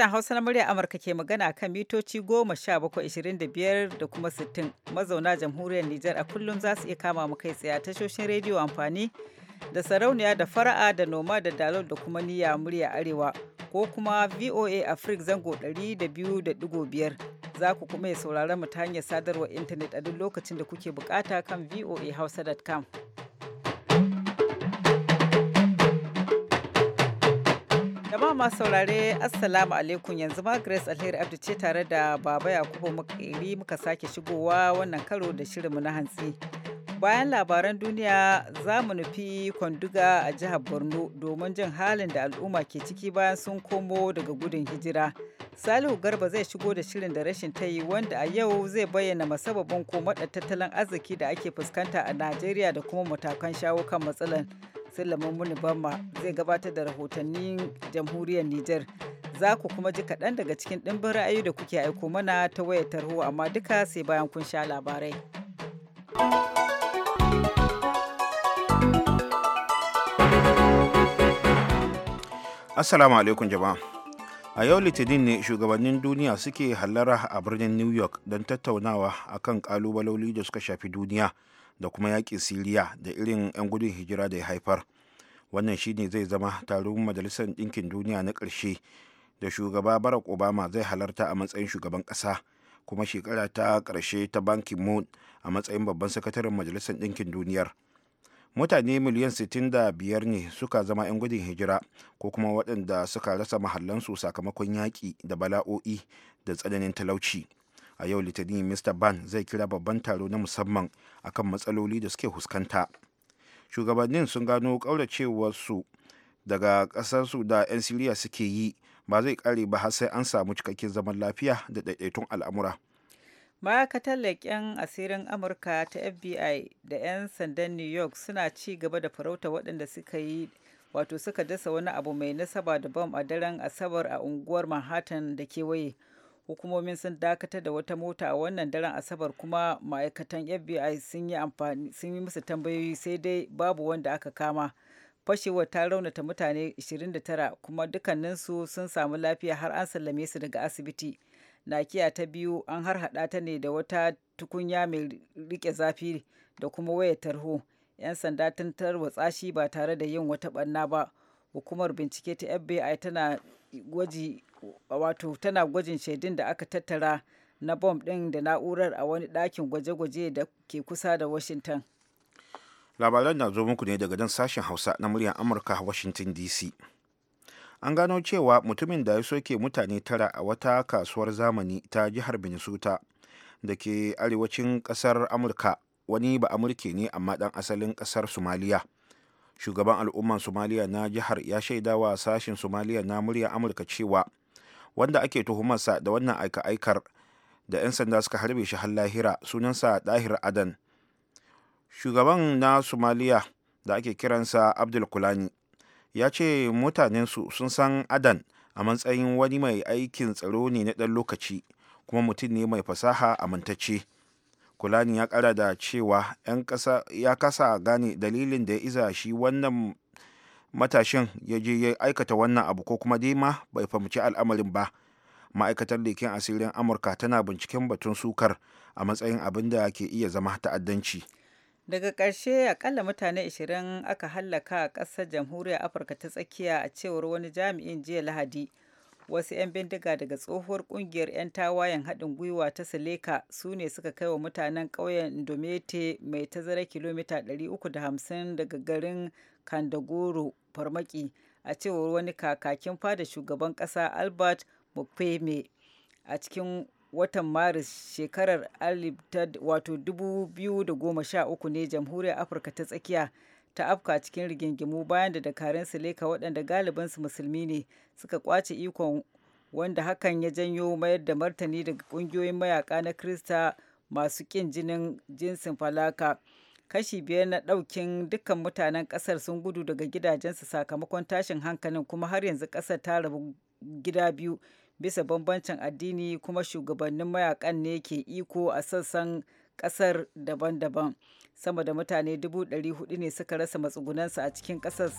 Sashen Hausa na murya Amurka ke magana kan mitoci goma sha bakwai ishirin da biyar da kuma sittin mazauna jamhuriyar Nijar a kullum za su iya kama mu kai tsaye tashoshin rediyo amfani da sarauniya da fara'a da noma da dalol da kuma niyya murya arewa ko kuma VOA Africa zango 200.5 za ku kuma ya saurara mu ta hanyar sadarwar intanet a duk lokacin da kuke bukata kan voahausa.com. Jama'a masu saurare Assalamu alaikum yanzu ma Grace Alheri Abdu ce tare da Baba Yakubu iri muka sake shigowa wannan karo da shirinmu na hantsi. Bayan labaran duniya za mu nufi kwanduga a jihar Borno domin jin halin da al'umma ke ciki bayan sun komo daga gudun hijira. Salihu Garba zai shigo da shirin da rashin ta yi wanda a yau zai bayyana masababin da tattalin arziki da ake fuskanta a Najeriya da kuma matakan shawo kan matsalar. Sulaiman Muni Bamma zai gabatar da rahotannin jamhuriyar Nijar. Za ku kuma ji kaɗan daga cikin ɗimbin ra'ayi da kuke aiko mana ta wayar tarho amma duka sai bayan kun sha labarai. Assalamu alaikum jama'a. A yau Litinin ne shugabannin duniya suke hallara a birnin New York don tattaunawa akan kan da suka shafi duniya. da kuma yaƙin siriya da irin 'yan gudun hijira da ya haifar wannan shine zai zama taron majalisar ɗinkin duniya na ƙarshe da shugaba barack obama zai halarta a matsayin shugaban ƙasa kuma shekara ta ƙarshe ta bankin moon a matsayin babban sakataren majalisar ɗinkin duniyar mutane miliyan 65 ne suka zama 'yan gudun hijira ko kuma waɗanda suka rasa mahallansu sakamakon yaƙi da bala'o'i da tsananin talauci a yau litinin mr ban zai kira babban taro na musamman akan matsaloli da suke huskanta shugabannin sun gano kauracewarsu daga ƙasarsu da 'yan siriya suke yi ba zai kare ba har sai an samu cikakken zaman lafiya da ɗaiɗaitun al'amura ma'aikatar leƙen asirin amurka ta fbi da 'yan sandan new york suna ci gaba da farauta waɗanda suka yi wato suka dasa wani abu mai nasaba da bom a daren asabar a unguwar manhattan da kewaye hukumomin sun dakatar da wata mota a wannan daren asabar kuma ma'aikatan fbi sun yi amfani sun yi musu tambayoyi sai dai babu wanda aka kama fashewar ta raunata mutane 29 kuma dukkaninsu sun samu lafiya har an sallame su daga asibiti nakiya ta biyu an har hada ta ne da wata tukunya mai rike zafi da kuma wayar tarho 'yan sanda tun tarwatsa shi ba tare da yin wata ɓanna ba hukumar bincike ta fbi tana gwaji wato tana gwajin shaidun da aka tattara na bom ɗin da na'urar a wani ɗakin gwaje-gwaje da ke kusa da washington labaran na zo muku ne daga nan sashen hausa na muryar amurka washington dc an gano cewa mutumin da ya soke mutane tara a wata kasuwar zamani ta jihar minnesota da ke arewacin kasar amurka wani ba amurke ne amma dan asalin kasar somaliya shugaban al'ummar somaliya na jihar ya shaida wa sashen somaliya na murya amurka cewa wanda ake tuhumarsa da wannan aika-aikar da 'yan sanda suka harbe shi har lahira sunansa dahir adan shugaban na somaliya da ake kiransa abdul kulani ya ce mutanensu sun san adan a matsayin wani mai aikin tsaro ne na ɗan lokaci kuma mutum ne mai fasaha amintacce. kulani ya kara da cewa yan ya kasa gane dalilin da ya iza shi wannan matashin ya je ya aikata wannan abu ko kuma dai ma bai fahimci al'amarin ba ma'aikatar leken asirin amurka tana binciken batun sukar a matsayin abin da ke iya zama ta'addanci daga ƙarshe akalla mutane 20 aka hallaka a ƙasar jamhuriyar afirka ta tsakiya a cewar wani jami'in jiya lahadi wasu 'yan bindiga daga tsohuwar kungiyar 'yan tawayen haɗin gwiwa ta seleka su ne suka kai wa mutanen ƙauyen domete mai tazara kilomita 350 daga garin kandagoro farmaki a cewar wani kakakin fada shugaban ƙasa albert mukweme a cikin watan maris shekarar 2013 ne jamhuriyar afirka ta tsakiya ta afka cikin rigingimu bayan da dakarun suleka waɗanda galibinsu musulmi ne suka kwace ikon wanda hakan ya janyo mayar da martani daga ƙungiyoyin mayaka na krista masu kin jinin jinsin falaka kashi biyar na ɗaukin dukkan mutanen ƙasar sun gudu daga gidajensu sakamakon tashin hankalin kuma har yanzu ƙasar ta rabu gida biyu bisa bambancin addini kuma shugabannin mayakan ne ke iko a sassan ƙasar daban-daban sama da mutane 400 ne suka rasa matsugunansu a cikin ƙasar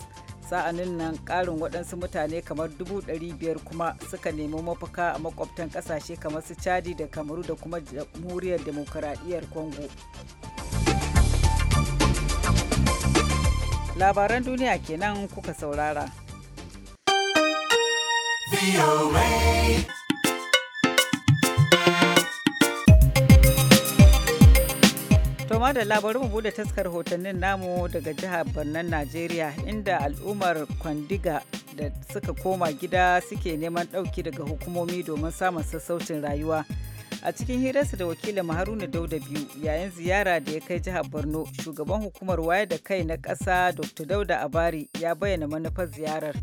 sa'anin nan ƙarin waɗansu mutane kamar 500 kuma suka nemi mafaka a makwabtan ƙasashe kamar su chadi da kamaru da kuma jamhuriyar demokuraɗiyyar congo labaran duniya kenan kuka saurara. To da bari mu bude taskar hotonnin namu daga jihar Barnan Najeriya inda al'ummar Kwandiga da suka koma gida suke neman ɗauki daga hukumomi domin samun sassaucin rayuwa. A cikin hirarsa da wakilin Haruna Dauda biyu yayin ziyara da ya kai jihar Borno, shugaban hukumar waye da kai na ƙasa Dr. Dauda Abari ya bayyana manufar ziyarar.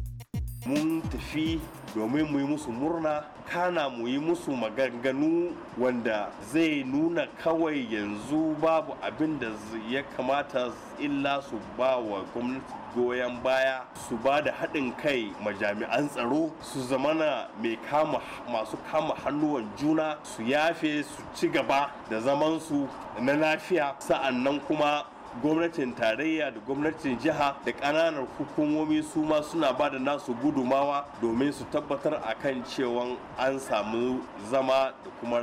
Mun tafi domin mu yi musu murna kana mu yi musu maganganu wanda zai nuna kawai yanzu babu abin da ya kamata illa su ba wa gwamnati goyon baya su ba da haɗin kai majami'an tsaro su zamana mai kama masu kama hannuwan juna su yafe su ci gaba da zamansu na lafiya sa'annan kuma gwamnatin tarayya da gwamnatin jiha da ƙananan hukumomi su ma suna ba da nasu gudumawa domin su tabbatar a kan cewa an samu zama da kuma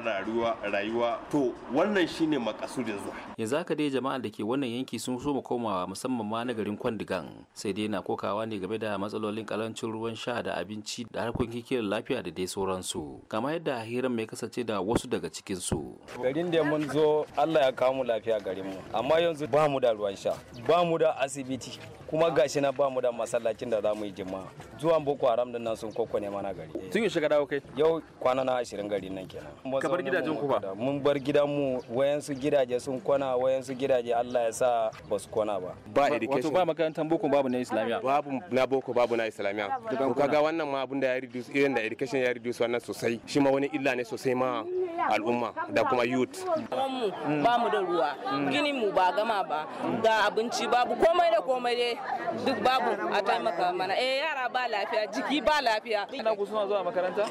rayuwa to wannan shine makasudin zuwa yanzu haka dai jama'a da ke wannan yanki sun so mu komawa musamman ma na garin kwandigan sai dai na kokawa ne game da matsalolin kalancin ruwan sha da abinci da harkokin kiwon lafiya da dai sauransu kama yadda hiran mai kasance da wasu daga cikinsu garin da mun zo allah ya kawo mu lafiya garin mu amma yanzu ba mu mu da ruwan sha ba mu da asibiti kuma gashi na ba mu da masallacin da za mu yi jima'a zuwan boko haram din nan sun koko ne mana gari tun yi shiga dawo kai yau kwana na 20 gari nan kenan ka bar gidajen ku ba mun bar gidan mu wayansu gidaje sun kwana wayansu gidaje Allah ya sa ba su kwana ba ba education wato ba makarantar boko babu na islamiya babu na boko babu na islamiya to kaga wannan ma abin da ya reduce irin da education ya reduce wannan sosai shi ma wani illa ne sosai ma al'umma da kuma youth ba mu da ruwa gini mu ba gama ba ga abinci babu komai da komai dai duk babu a taimaka mana eh yara ba lafiya jiki ba lafiya kana ku suna zuwa makaranta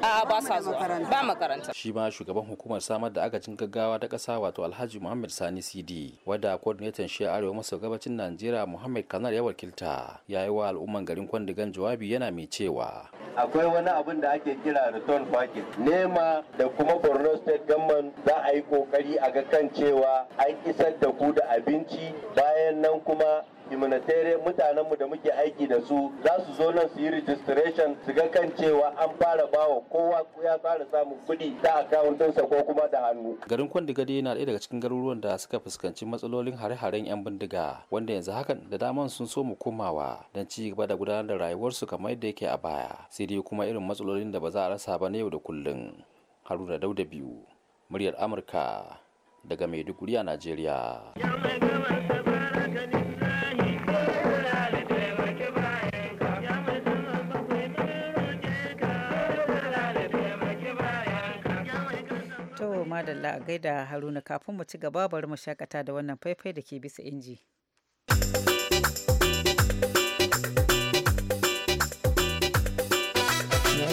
a ba sa zuwa ba makaranta shi ma shugaban hukumar samar da agajin gaggawa ta kasa wato Alhaji Muhammad Sani CD wadda coordinator shi arewa maso gabacin Najeriya Muhammad Kanar ya wakilta yayi wa al'umman garin Kwandigan jawabi yana mai cewa akwai wani abin da ake kira return packet nema da kuma Borno State Government za a yi kokari a ga kan cewa an isar da ku da abinci bayan nan kuma humanitarian mu da muke aiki da su za su zo nan su yi registration su ga kan cewa an fara bawa kowa ya fara samun kuɗi ta akawuntinsa ko kuma da hannu. Garin Kwandigade yana ɗaya daga cikin garuruwan da suka fuskanci matsalolin hare-haren 'yan bindiga wanda yanzu hakan da daman sun so mu komawa don ci gaba da gudanar da rayuwarsu kamar yadda yake a baya sai dai kuma irin matsalolin da ba za a rasa ba na yau da kullun Haruna Dauda biyu muryar Amurka daga Maiduguri a Najeriya. madalla a gaida haruna kafin mu ci gaba bari mu shakata da wannan faifai da ke bisa inji.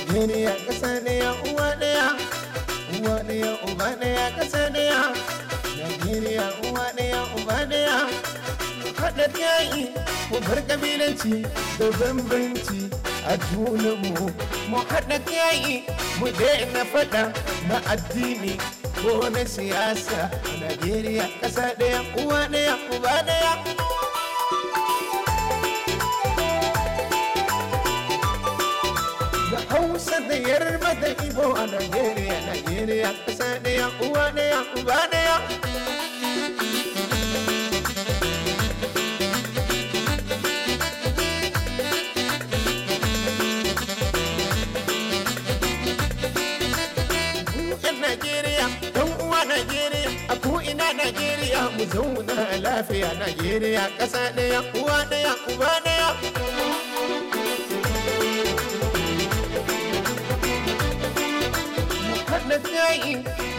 Najeriya ƙasa ɗaya uwa ɗaya, uwa ɗaya uba ɗaya ƙasa ɗaya. Najeriya uwa ɗaya uba ɗaya. Haɗa yayi mu bar ƙabilanci da bambanci a junanmu. Mu haɗa yayi mu daina faɗa na addini ko na siyasa Najeriya ƙasa ɗaya uwa ɗaya uba ɗaya Da Hausa da Yarba da Ibo a Najeriya Najeriya ƙasa ɗaya uwa ɗaya uba ɗaya Nigeria. Najeriya a ko'ina Najeriya mu zauna lafiya Najeriya ƙasa ɗaya uwa ɗaya uba ɗaya. Haɗa tsayi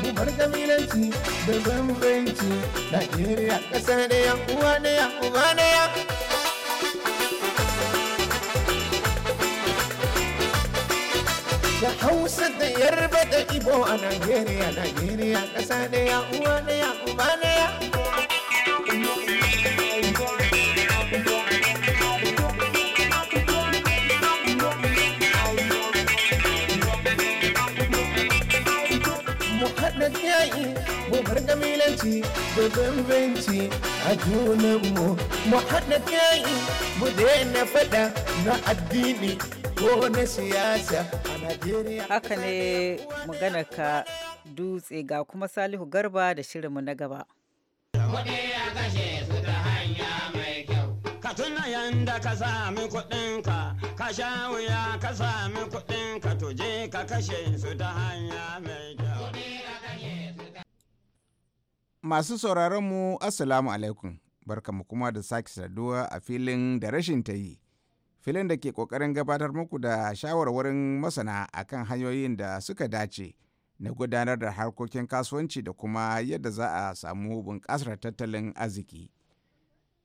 mu bar kabilanci da bambanci Najeriya ƙasa ɗaya uwa ɗaya uba ɗaya. da hausa da yarba da ibo a najeriya najeriya kasa ya, uwa ya, uba daya bar milanci, da bambanci a junanmu mu haɗa kai mu daina faɗa na addini ko na siyasa a Najeriya. Haka ne maganar ka dutse ga kuma Salihu Garba da shirinmu na gaba. Kuɗi a kashe su ta hanya mai kyau. Ka tuna yanda ka sami kuɗinka, ka sha wuya ka sami kuɗinka tuje ka kashe su ta hanya mai kyau. Masu sauraron mu Assalamu alaikum, barkamu kuma da sake saduwa a filin da rashin ta yi. filin da ke kokarin gabatar muku da shawarwarin masana akan hanyoyin da suka dace na gudanar da harkokin kasuwanci da kuma yadda za a samu bunƙasar tattalin arziki.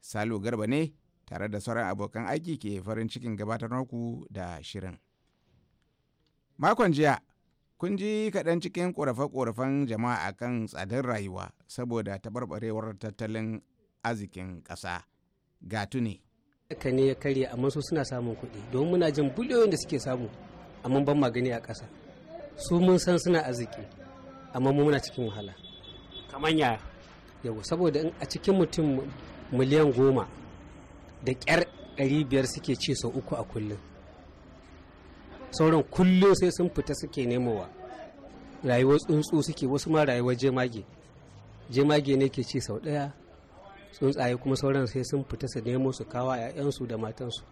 Salu Garba ne tare da sauran abokan aiki ke farin cikin gabatar muku da shirin. Makon jiya, kun ji kaɗan cikin ƙorafe-ƙorafen jama'a akan tsadar rayuwa saboda taɓarɓarewar tattalin arzikin ƙasa. gatu ne. ka ne ya karye amma su suna samun kuɗi domin muna jin biliyoyin da suke samu amma ban magani a ƙasa su mun san suna arziki amma mu muna cikin wahala kamar ya yau saboda in a cikin mutum miliyan goma da ƙyar ɗari biyar suke ci sau uku a kullum sauran kullum sai sun fita suke nemowa rayuwar tsuntsu suke wasu ma rayuwar jemage jemage ne ke ci sau ɗaya tsuntsaye kuma sauran sai sun fita su nemo su kawo ‘ya'yansu da matansu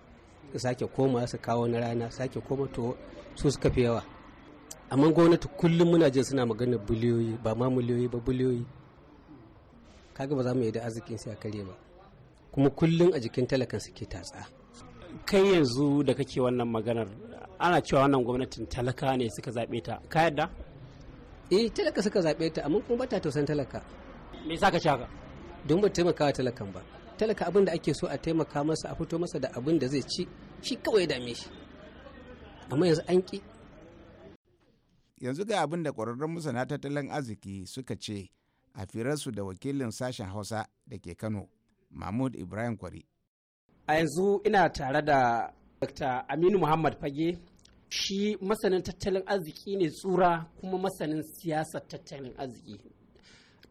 su sake koma su kawo na rana sake koma to su suka fi yawa amma gwamnati kullum muna jin suna magana biliyoyi ba ma miliyoyi ba biliyoyi kaga ba za mu yi da arzikin sai a kare ba kuma kullum a jikin talakan suke tatsa kai yanzu da kake wannan maganar ana cewa wannan gwamnatin talaka ne suka zaɓe ta ka yadda eh talaka suka zaɓe ta amma kuma ba ta tausan talaka me yasa ka ci haka don ba taimaka talakan ba talaka abin da ake so a taimaka masa a fito masa da abin da zai ci shi kawai dame shi amma yanzu an ki yanzu ga abin da ƙwararrun masana tattalin arziki suka ce a firarsu da wakilin sashen hausa da ke kano mahmud ibrahim kwari a yanzu ina tare da dr aminu muhammad fage shi masanin tattalin arziki ne tsura kuma masanin siyasar tattalin arziki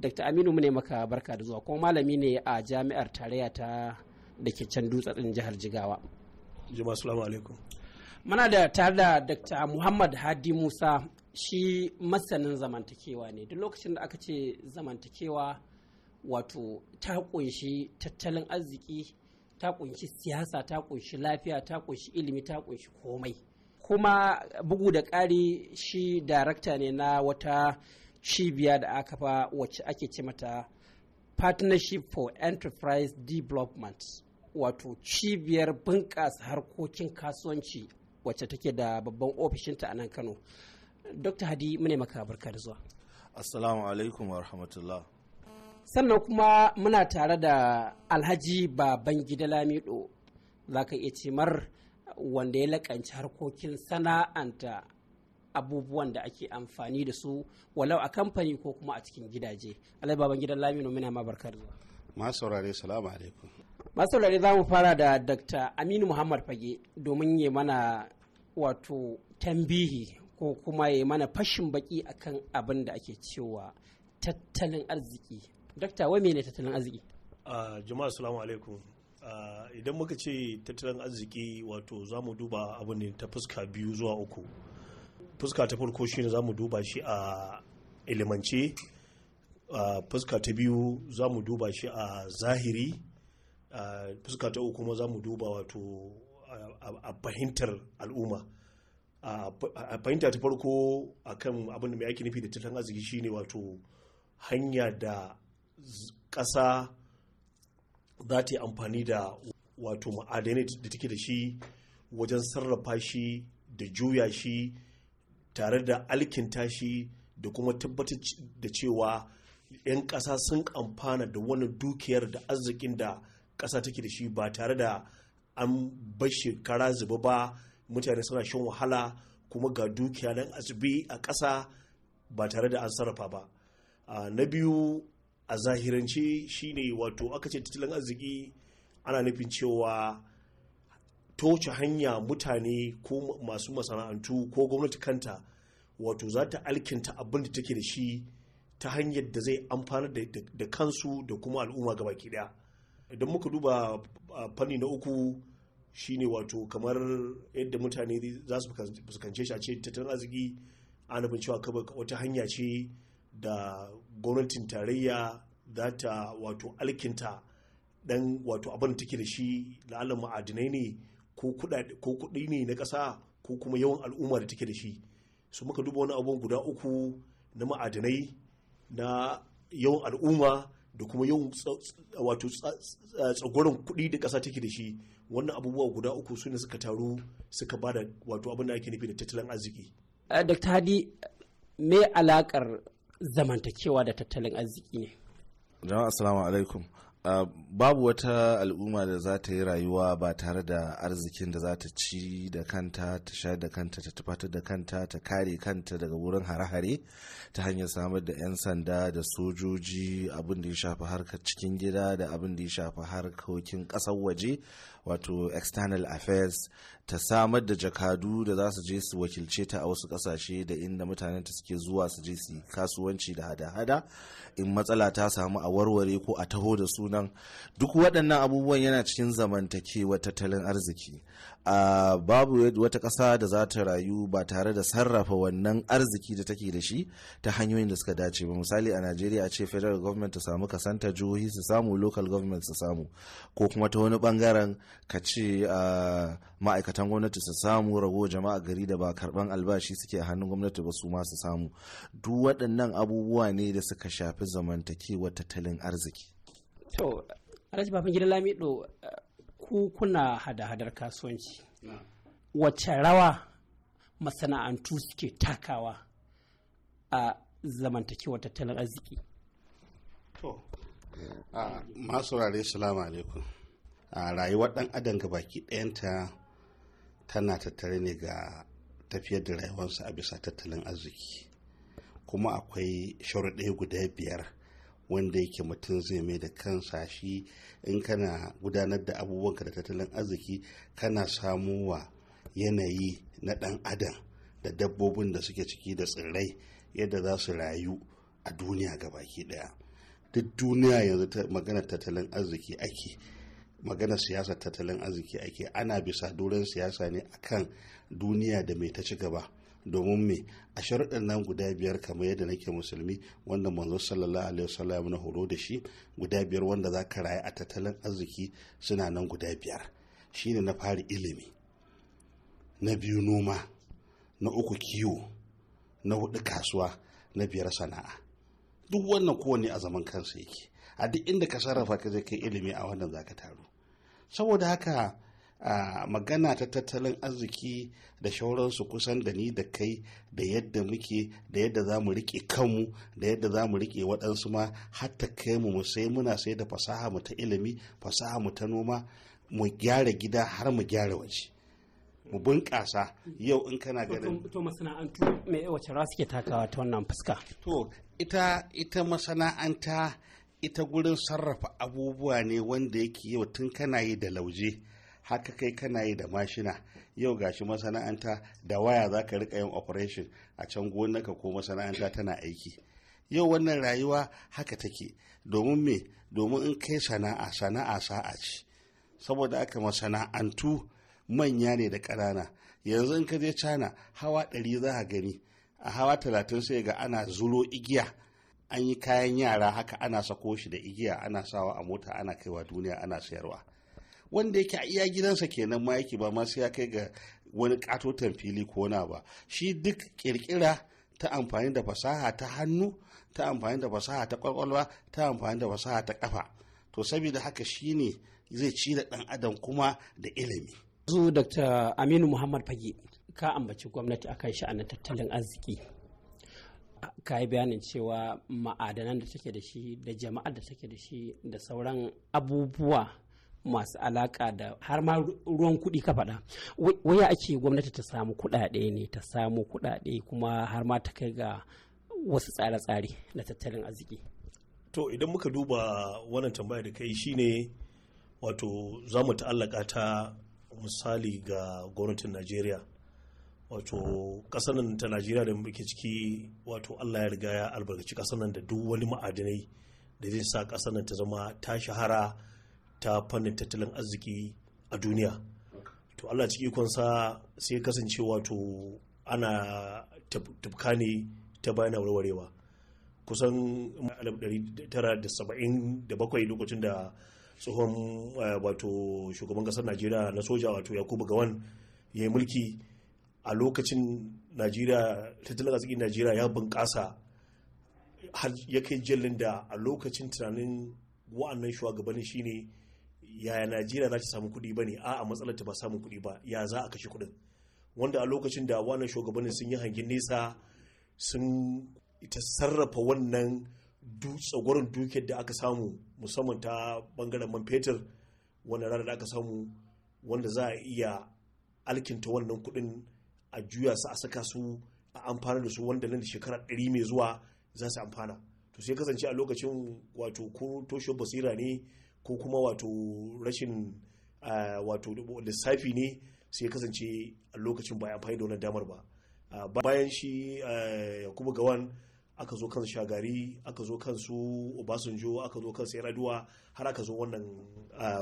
Dr. Aminu ne maka barka da zuwa kuma malami ne a jami'ar tarayya ta da ke can dutsen jihar Jigawa. Jama'a salamu alaikum. Muna da tare da Dr. Muhammad Hadi Musa shi masanin zamantakewa ne duk lokacin da aka ce zamantakewa wato ta kunshi tattalin arziki ta kunshi siyasa ta kunshi lafiya ta kunshi ilimi ta kunshi komai kuma bugu da ƙari shi darakta ne na wata cibiya da aka fa wacce ake ce mata partnership for enterprise development wato cibiyar bunƙasa harkokin kasuwanci wacce take da babban ofishinta a nan kano dr hadi mune maka barka da zuwa assalamu alaikum wa rahmatullah sannan kuma muna tare da alhaji baban gida lamido za ka iya cimar wanda ya lakanci harkokin sana'anta abubuwan da ake amfani da su walau a kamfani ko kuma a cikin gidaje alai baban gidan lamino muna ma barkar zuwa masu saurare salamu alaikum masu saurare za mu fara da dr aminu muhammad fage domin ya mana wato tambihi ko kuma ya mana fashin baki akan abin da ake cewa tattalin arziki Dr wai mene tattalin arziki jama'a salamu alaikum idan muka ce tattalin arziki wato za mu duba abin ne ta fuska biyu zuwa uku fuska ta farko shine za mu duba shi a ilimance fuska ta biyu za mu duba shi a zahiri fuska ta uku kuma za mu duba wato a fahimtar al'umma a fahimta ta farko akan abin da mai ake nufi da tattalin arziki shine wato hanya da ƙasa za ta yi amfani da wato ma'adanai da take da shi wajen sarrafa shi da juya shi tare da alkinta shi da kuma tabbatar da cewa 'yan ƙasa sun amfana da wani dukiyar da arzikin da ƙasa take da shi ba tare da an bar shekara zuba ba mutane suna shan wahala kuma ga dukiya nan azubi a ƙasa ba tare da an sarrafa ba na biyu a zahirance shine wato aka ce tattalin arziki ana nufin cewa toce hanya mutane ko masu masana'antu ko gwamnati kanta wato za ta alkinta abin da take da shi ta hanyar da zai amfana da kansu da kuma al'umma gaba daya idan muka duba fanni na uku shine wato kamar yadda mutane za su fuskance shi a ce tattalin arziki ana bin cewa kaba wata hanya ce da gwamnatin tarayya za ta wato alkinta dan wato abin da take da shi la'alan ma'adinai ne ko kuɗi ne na ƙasa ko kuma yawan al'umma da take da shi su muka duba wani abubuwan guda uku na ma'adinai na yawan al'umma da kuma yawan wato tsagoron kuɗi da ƙasa take da shi wannan abubuwa guda uku su ne suka taru suka ba da wato abin da ake nufi da tattalin arziki. Eh, Dr. Hadi me alaƙar zamantakewa da tattalin arziki ne? Jama'a assalamu alaikum. Uh, babu wata al'umma da za ta yi rayuwa ba tare da arzikin da za ta ci da kanta ta sha da kanta ta tufatar da kanta ta kare kanta daga wurin hare-hare ta hanyar samar da 'yan sanda da sojoji abin da ya shafi harkar cikin gida da abin da ya shafi harkokin ƙasar waje wato external affairs ta samar da jakadu da za su je su wakilce ta a wasu kasashe da inda mutanen ta suke zuwa su je su kasuwanci da hada-hada in matsala ta samu a warware ko a taho da sunan duk waɗannan abubuwan yana cikin zamantakewa tattalin arziki uh, babu wata ƙasa da za ta rayu ba tare da sarrafa wannan arziki da take da shi ta hanyoyin da suka dace ba misali a najeriya a ce federal government ta samu kasanta jihohi su samu local government su samu ko kuma ta wani bangaren ka ce ma'aikatan gwamnati su samu rago jama'a gari da ba karban albashi suke a hannun gwamnati ba su ma su samu duk waɗannan abubuwa ne da suka shafi zamantakewa tattalin arziki to alhaji babangida lamido ku kuna hada-hadar kasuwanci wacce rawa masana'antu suke takawa a zamantakewar tattalin arziki masu rari salamu alaikum a rayuwar dan adam ga baki ɗayanta tana tattare ne ga tafiyar da rayuwarsa a bisa tattalin arziki kuma akwai sharuɗai guda biyar wanda yake mutum zai mai da kansa shi in kana gudanar da abubuwanka da tattalin arziki kana samowa yanayi na dan adam da dabbobin da suke ciki da tsirrai yadda za su rayu a duniya ga baki ɗaya duk duniya yanzu magana tattalin arziki ake magana siyasar tattalin arziki ake ana bisa doron siyasa ne akan duniya da mai ta ci gaba domin me a sharuɗin nan guda biyar kamar yadda nake musulmi wanda manzo sallallahu alaihi wasallam na horo da shi guda biyar wanda za ka rayu a tattalin arziki suna nan guda biyar shine na fari ilimi na biyu noma na uku kiwo na hudu kasuwa na biyar sana'a duk wannan kowanne a zaman kansa yake a duk inda ka sarrafa ka zai kai ilimi a wannan zaka taru saboda haka a magana ta tattalin arziki da shauransu kusan da ni da kai da yadda muke da yadda za mu rike kanmu da yadda za mu rike waɗansu ma hatta kai mu sai muna sai da fasaha mu ta ilimi fasaha mu ta noma mu gyara gida har mu gyara waje mu bunƙasa yau in kana ganin to masana'antu me wace ra suke takawa ta wannan fuska to ita ita masana'anta ita gurin sarrafa abubuwa ne wanda yake yau tun kana yi da lauje haka kai kana yi da mashina yau gashi masana'anta da waya za ka rika yin operation a can gonaka ko masana'anta tana aiki yau wannan rayuwa haka take domin me domin in kai sana'a sana'a sa'a ce saboda aka masana'antu manya ne da ƙanana yanzu in ka je cana hawa ɗari za a gani a hawa talatin sai ga ana zulo igiya an yi kayan yara haka ana sako shi da igiya ana sawa a mota ana kaiwa duniya ana sayarwa wanda yake a iya gidansa kenan ma yake ba ma sai ya kai ga wani katotan fili ko na ba shi duk kirkira ta amfani da fasaha ta hannu ta amfani da fasaha ta kwakwalwa ta amfani da fasaha ta kafa to saboda haka shi ne zai ci da dan adam kuma da ilimi zu dr aminu muhammad fage ka ambaci gwamnati akan sha'anin tattalin arziki ka yi bayanin cewa ma'adanan da take da shi da jama'ar da take da shi da sauran abubuwa masu alaka da har ma ruwan kuɗi ka faɗa waya ake gwamnati ta samu kuɗaɗe ne ta samu kuɗaɗe kuma har ma ta kai ga wasu tsare-tsare na tattalin arziki to idan muka duba wannan tambaya da kai shine wato za mu ta'allaka ta misali ga gwamnatin najeriya wato ƙasar nan ta najeriya da muke ciki wato allah ya riga ya albarkaci ƙasar nan da duk wani ma'adinai da zai sa ƙasar nan ta zama ta shahara ta fannin tattalin arziki a duniya to allah ciki ikonsa sai kasance wato ana tafka ne ta bayan warwarewa kusan 1977 lokacin da tsohon eh, wato shugaban kasar najeriya na soja wato yakubu gawan ya yi mulki a lokacin najeriya tattalin arzikin najeriya ya bunƙasa har ya kai jallin da a lokacin tunanin wa'annan shugabannin shine yaya najeriya za ta samu kuɗi ba ne a'a matsalar ta ba samun kuɗi ba ya za a kashe kuɗin wanda a lokacin da wannan shugabannin sun yi hangin nesa sun ita sarrafa wannan tsagorin dukiyar da aka samu musamman ta bangaren man fetur wannan rana da aka samu wanda za a iya alkinta wannan kuɗin a juya su a saka su a amfana da su wanda nan da shekara ɗari mai zuwa za su amfana to sai kasance a lokacin wato ko toshe basira ne ko kuma wato rashin eh, wato lissafi ne sai kasance a lokacin ba amfani da wannan damar ba ah, bayan shi eh, yakubu gawan aka zo kansu shagari aka zo kansu obasanjo aka zo kansu yaraduwa har aka zo ah,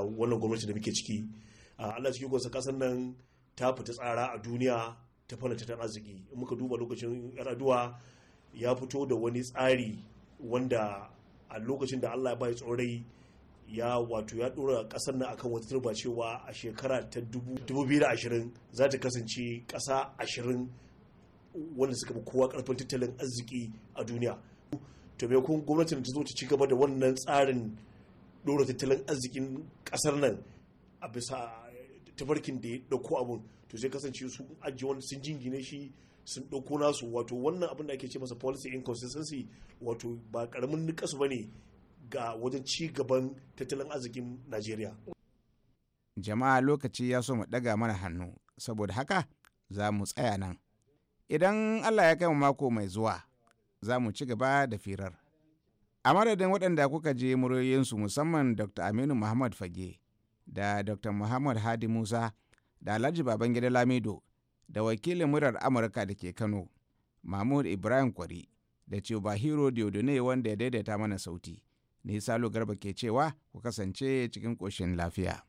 wannan gwamnati da muke ciki ah, allah cikin gwamnati kasan nan ta fita tsara a duniya ta fara tattalin arziki in muka duba lokacin aduwa ya fito da wani tsari wanda a lokacin da allah ya bai tsorai ya wato ya dora kasar nan akan wata turba cewa a shekara ta 2020 za ta kasance kasa 20 wanda suka fi kowa karfin tattalin arziki a duniya to me kun gwamnatin ta zo ta ci gaba da wannan tsarin dora tattalin arzikin kasar nan a bisa tafarkin da ya dauko abun to sai kasance su ajiye wani sun jingine shi sun ɗauko nasu wato wannan abin da ake ce masa policy inconsistency wato ba karamin nikasu ba ne ga wajen ci gaban tattalin arzikin najeriya jama'a lokaci ya so mu ɗaga mana hannu saboda haka za mu tsaya nan idan allah ya kai mu mako mai zuwa za mu ci gaba da firar a madadin waɗanda kuka je muryoyinsu musamman dr aminu muhammad fage da dr muhammad hadi musa da alhaji babangida lamido da wakilin murar amurka da ke kano mahmud ibrahim kwari da ciobahiro diodone wanda ya daidaita mana sauti ni salo garba ke cewa ku kasance cikin koshin lafiya.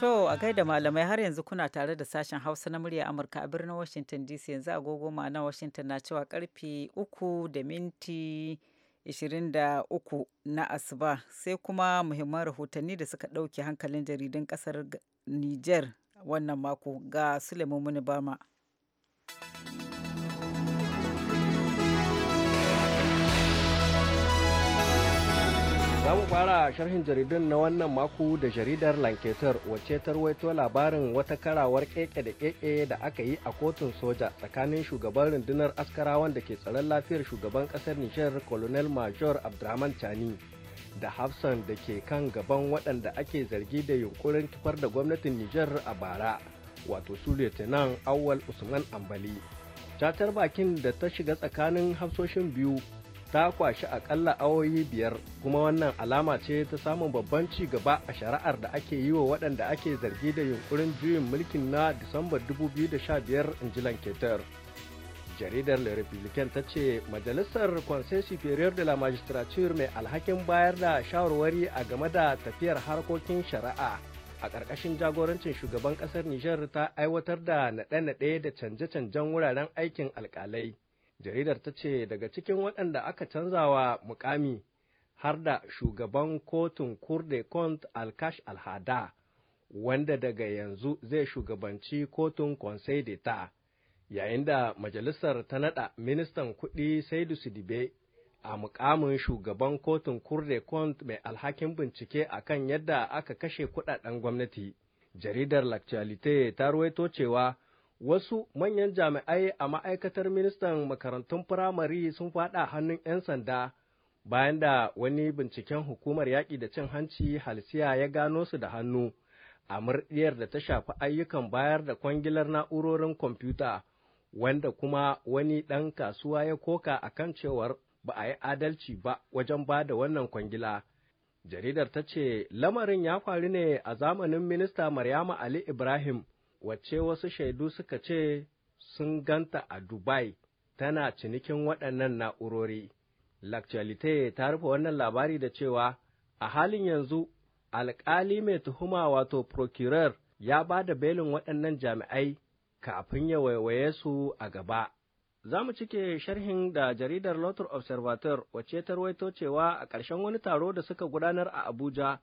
To a gaida malamai har yanzu kuna tare da sashen Hausa na murya Amurka a birnin Washington DC yanzu agogo ma'ana Washington na cewa karfe uku da minti 23 na asuba sai kuma muhimman rahotanni da suka ɗauke hankalin jaridun ƙasar Niger wannan mako ga Suleiman Munibama. Bama. Za mu fara sharhin jaridun na wannan mako da jaridar Lanketer wacce ta labarin wata karawar keke da keke da aka yi a kotun soja tsakanin shugaban rundunar askarawan da ke tsaron lafiyar shugaban kasar Nijar Colonel Major Abdurrahman Chani da Hafsan da ke kan gaban waɗanda ake zargi da yunkurin kifar da gwamnatin Nijar a bara wato su Awal Usman Ambali. Tatar bakin da ta shiga tsakanin hafsoshin biyu ta kwashi akalla awoyi biyar kuma wannan alama ce ta samun babban ci gaba a shari'ar da ake yi wa waɗanda ake zargi da yunkurin juyin mulkin na disambar 2015 in ji lanketar jaridar le republican ta ce majalisar conseil superior de la magistrature mai alhakin bayar da shawarwari a game da tafiyar harkokin shari'a a ƙarƙashin jagorancin shugaban ƙasar nijar ta aiwatar da naɗe-naɗe da canje-canjen wuraren aikin alƙalai jaridar ta ce daga cikin waɗanda aka canzawa mukami har da shugaban kotun kurde kont alkash alhada wanda daga yanzu zai shugabanci kotun conseil d'etat yayin da majalisar ta naɗa ministan kuɗi saidu sidibe a mukamin shugaban kotun kurde kont mai alhakin bincike akan yadda aka kashe kudaden gwamnati jaridar lactualite ta ruwaito cewa wasu manyan jami'ai a ma'aikatar ministan makarantun firamare sun faɗa hannun 'yan sanda bayan da wani binciken hukumar yaƙi da cin hanci halsiya ya gano su da hannu a murɗiyar da ta shafi ayyukan bayar da kwangilar na'urorin kwamfuta wanda kuma wani ɗan kasuwa ya koka a kan cewar ba a yi adalci ba wajen ba da wannan kwangila. Jaridar ta ce lamarin ya faru ne a zamanin minista Maryama Ali Ibrahim wacce wasu shaidu suka ce sun ganta a Dubai tana cinikin waɗannan na'urori. L'actualité ta rufe wannan labari da cewa a halin yanzu alƙali mai tuhuma wato procurer ya ba da belin waɗannan jami'ai kafin ya waiwaye su a gaba. Za mu cike sharhin da jaridar Lotar Observator wacce ta ruwaito cewa a ƙarshen wani taro da suka gudanar a Abuja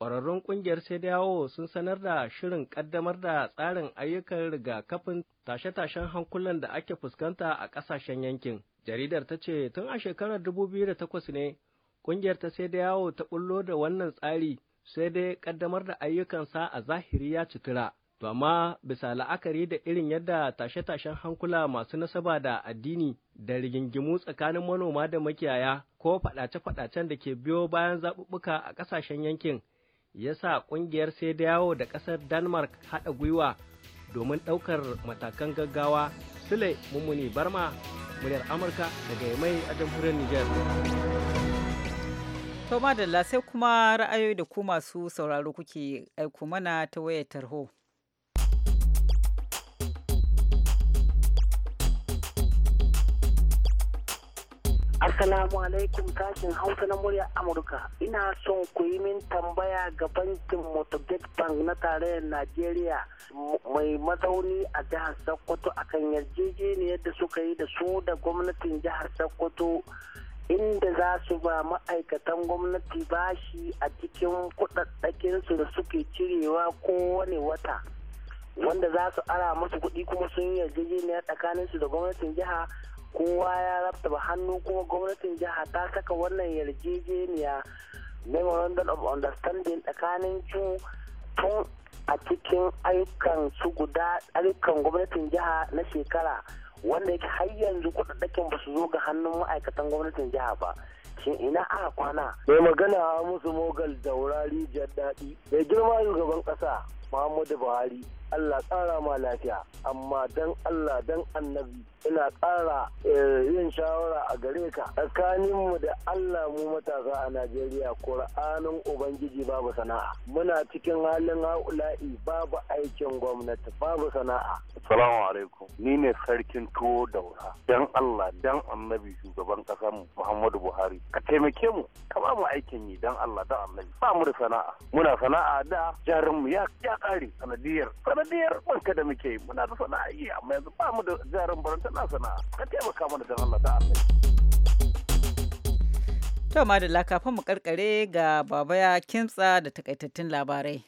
ƙwararrun ƙungiyar sai sun sanar da shirin ƙaddamar da tsarin ayyukan rigakafin tashe-tashen hankulan da ake fuskanta a ƙasashen yankin. Jaridar ta ce tun a shekarar dubu 2008 ne ƙungiyar ta sai yawo ta ɓullo da wannan tsari sai dai ƙaddamar da ayyukansa a zahiri ya citura. To amma bisa la'akari da irin yadda tashe-tashen hankula masu nasaba da addini da rigingimu tsakanin manoma da makiyaya ko faɗace-faɗacen da ke biyo bayan zaɓuɓɓuka a ƙasashen yankin ya sa ƙungiyar sai da yawo da ƙasar Denmark haɗa gwiwa domin ɗaukar matakan gaggawa. Sule Mummuni Barma, muryar Amurka daga Yamai a jamhuriyar Nijar. To madalla sai kuma ra'ayoyi da ku masu sauraro kuke aiko mana ta wayar tarho. Assalamu alaikum sashen Hausa na murya Amurka. Ina son ku yi min tambaya ga bankin Motogate Bank na tarayyar Najeriya mai mazauni a jihar Sokoto akan yarjejeniyar da suka yi da su da gwamnatin jihar Sokoto inda za su ba ma'aikatan gwamnati shi a cikin su da suke cirewa kowane wata. Wanda za su ara musu kuɗi kuma sun yarjejeniya tsakaninsu da gwamnatin jiha kowa ya rabta ba hannu kuma gwamnatin jiha ta saka wannan yarjejeniya memorandum of understanding tsakanin tun a cikin ayyukan su guda ayyukan gwamnatin jiha na shekara wanda yake har yanzu kudaddakin ba su zo ga hannun ma'aikatan gwamnatin jiha ba shin ina aka kwana mai magana musu mogal daurari jar daɗi mai girma shugaban ƙasa muhammadu buhari Allah ƙara ma lafiya amma dan Allah dan annabi ina ƙara eh, yin shawara a gare ka tsakaninmu da Allah mu matasa a Najeriya Kur'anin Ubangiji babu sana'a muna cikin halin haula'i babu aikin gwamnati babu sana'a Assalamu alaikum ni ne sarkin tuwo daura dan Allah dan annabi shugaban kasar Muhammadu Buhari ka taimake mu ka ba mu aikin yi dan Allah dan annabi ba mu da sana'a muna sana'a da jarin ya ya kare sanadiyar sanadiyar banka da muke muna da sana'a yi amma yanzu ba mu da jarin baranta na sana'a ka taimaka mana da Allah ta Allah to madalla kafin mu karkare ga baba ya kimtsa da takaitattun labarai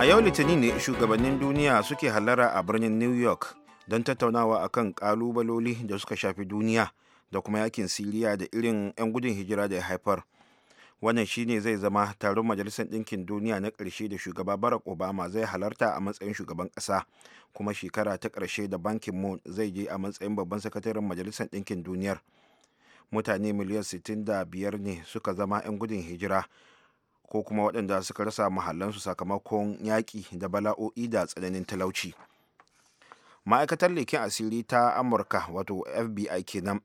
a yau litinin ne shugabannin duniya suke halara a birnin new york don tattaunawa akan kalubaloli da suka shafi duniya da kuma yakin siriya da irin 'yan gudun hijira da ya haifar wannan shine zai zama taron majalisar ɗinkin duniya na ƙarshe da shugaba barack obama zai halarta a matsayin shugaban ƙasa kuma shekara ta ƙarshe da bankin moon zai je a matsayin babban sakataren majalisar ɗinkin duniyar mutane miliyan 65 ne suka zama 'yan gudun hijira ko kuma waɗanda suka rasa mahallansu sakamakon yaƙi da bala'o'i da tsananin talauci ma'aikatar leken asiri ta amurka wato fbi kenan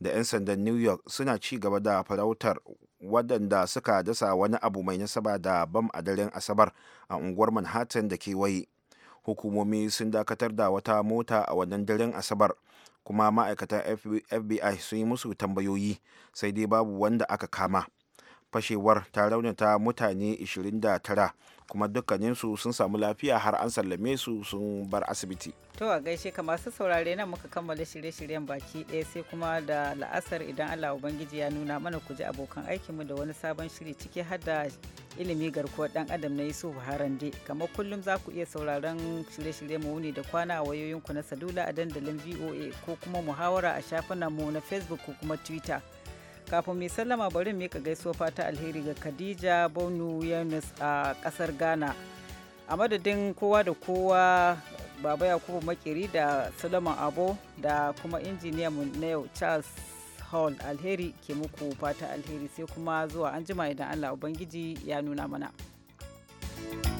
da 'yan sandan new york suna ci gaba da farautar waɗanda suka dasa wani abu mai nasaba da bam a daren asabar a unguwar manhattan da kewaye hukumomi sun dakatar da wata mota a wannan daren asabar kuma ma'aikatan fbi sun yi musu tambayoyi sai dai babu wanda aka kama fashewar ta raunata mutane 29 kuma dukkaninsu sun samu lafiya har an sallame su sun bar asibiti. To a gaishe ka masu saurare nan muka kammala shirye-shiryen baki ɗaya sai kuma da la'asar idan Allah Ubangiji ya nuna mana ku ji abokan aikinmu da wani sabon shiri ciki har da ilimi garkuwar ɗan adam na Yusuf Harande. Kamar kullum za ku iya sauraron shirye-shirye mu wuni da kwana a wayoyin ku na salula a dandalin VOA ko kuma muhawara a shafinan mu na Facebook ko kuma Twitter. kafin mai sallama bari mika gaisuwa fata alheri ga khadija bonu yunus a kasar ghana a madadin kowa da kowa baba yakubu makeri da salaman abo da kuma injiniya mu na yau charles hall alheri ke muku fata alheri sai kuma zuwa anjima idan allah ubangiji ya nuna mana. thank you